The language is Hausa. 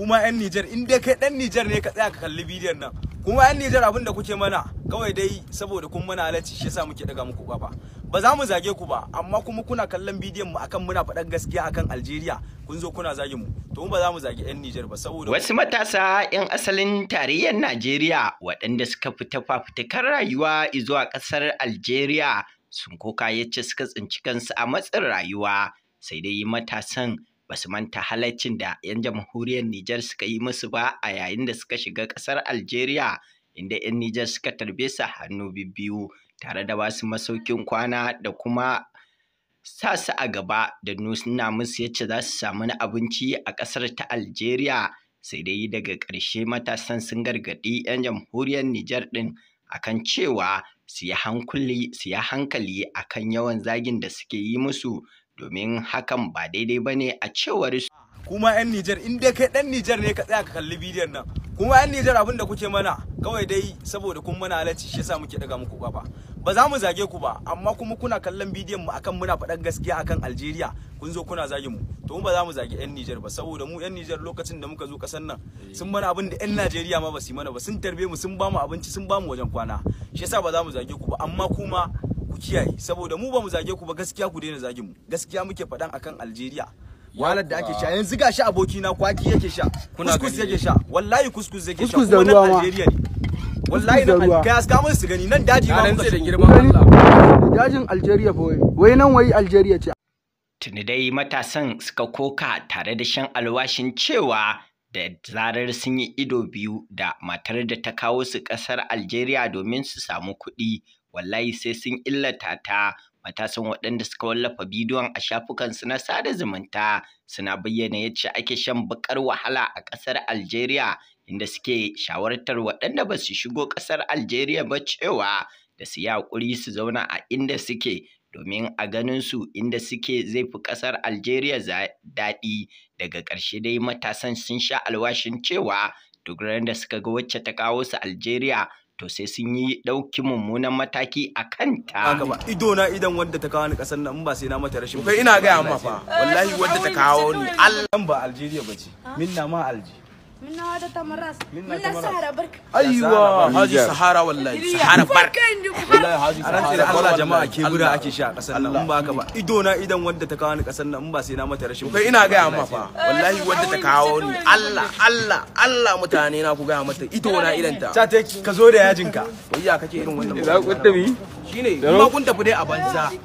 kuma yan Nijar in dai kai ɗan Nijar ne ka tsaya ka kalli bidiyon nan kuma yan Nijar abin da kuke mana kawai dai saboda kun mana halacci shi yasa muke daga muku gaba ba za mu zage ku ba amma kuma kuna kallon bidiyon mu akan muna faɗan gaskiya akan Algeria kun zo kuna zage mu to ba za mu zage yan Nijar ba saboda wasu matasa yan asalin tarayyar Najeriya waɗanda suka fita fafutukar rayuwa zuwa ƙasar Algeria sun koka yace suka tsinci kansu a matsin rayuwa sai dai matasan ba su manta halaccin da 'yan jamhuriyar Nijar suka yi musu ba a yayin da suka shiga ƙasar Algeria inda 'yan Nijar suka tarbe su hannu biyu tare da basu masaukin kwana da kuma sa su a gaba da nuna musu yacce za su samu na abinci a ƙasar ta Algeria sai dai daga ƙarshe matasan sun gargaɗi 'yan jamhuriyar Nijar ɗin akan cewa su yi hankali akan yawan zagin da suke yi musu domin hakan ba daidai ba ne a cewar su. Kuma 'yan Nijar in dai kai ɗan Nijar ne ka tsaya ka kalli bidiyon nan kuma 'yan Nijar abin da kuke mana kawai dai saboda kun mana halarci shi yasa muke daga muku kafa ba za mu zage ku ba amma kuma kuna kallon bidiyon mu akan muna faɗan gaskiya akan Algeria kun zo kuna zage mu to mu ba za mu zage 'yan Nijar ba saboda mu 'yan Nijar lokacin da muka zo kasan nan eh. sun mana abin da 'yan Najeriya ma ba su yi mana ba sun tarbe mu sun ba mu abinci sun ba mu wajen kwana shi yasa ba za mu zage ku ba amma kuma ku kiyaye saboda mu ba mu zage ku ba gaskiya ku daina zagin mu gaskiya muke faɗan akan Algeria walar da ake sha yanzu ga shi aboki na kwaki yake sha kuskus yake sha wallahi kuskus yake sha kuma nan Algeria ne wallahi nan kai aska mun su gani nan daji ma mun da girman Allah dajin Algeria boy wai nan wai Algeria ce tuni dai matasan suka koka tare da shan alwashin cewa da zarar sun yi ido biyu da matar da ta kawo su ƙasar Algeria domin su samu kuɗi wallahi sai sun illata ta matasan waɗanda suka wallafa bidiyon a shafukansu na sada zumunta suna bayyana yacce ake shan bakar wahala a ƙasar Algeria inda suke shawartar waɗanda ba su shigo ƙasar Algeria ba cewa da su yi haƙuri su zauna a inda suke domin a ganin su inda suke zai fi ƙasar Algeria daɗi daga ƙarshe dai matasan sun sha alwashin cewa duk da suka ga wacce ta kawo su Algeria to sai sun yi ɗauki mummunan mataki a kanta. ido na idan wadda ta kawo ni ƙasar nan ba sai na mata rashin. Kai ina gaya ma fa, wallahi wadda ta kawo ni Allah ba Algeria ba ce, minna ma Alji. aiwa haji sahara wallahi sahara park wallahi haji sahara wala jama'a kebura ake a kasar nan in ba haka ba ido na idan wanda ta kawo kasar nan in ba sai mata rashin kai ina gaya ma fa wallahi wanda ta kawo Allah Allah Allah mutane na ku mata ido na idan ta ta ka zo da dai a banza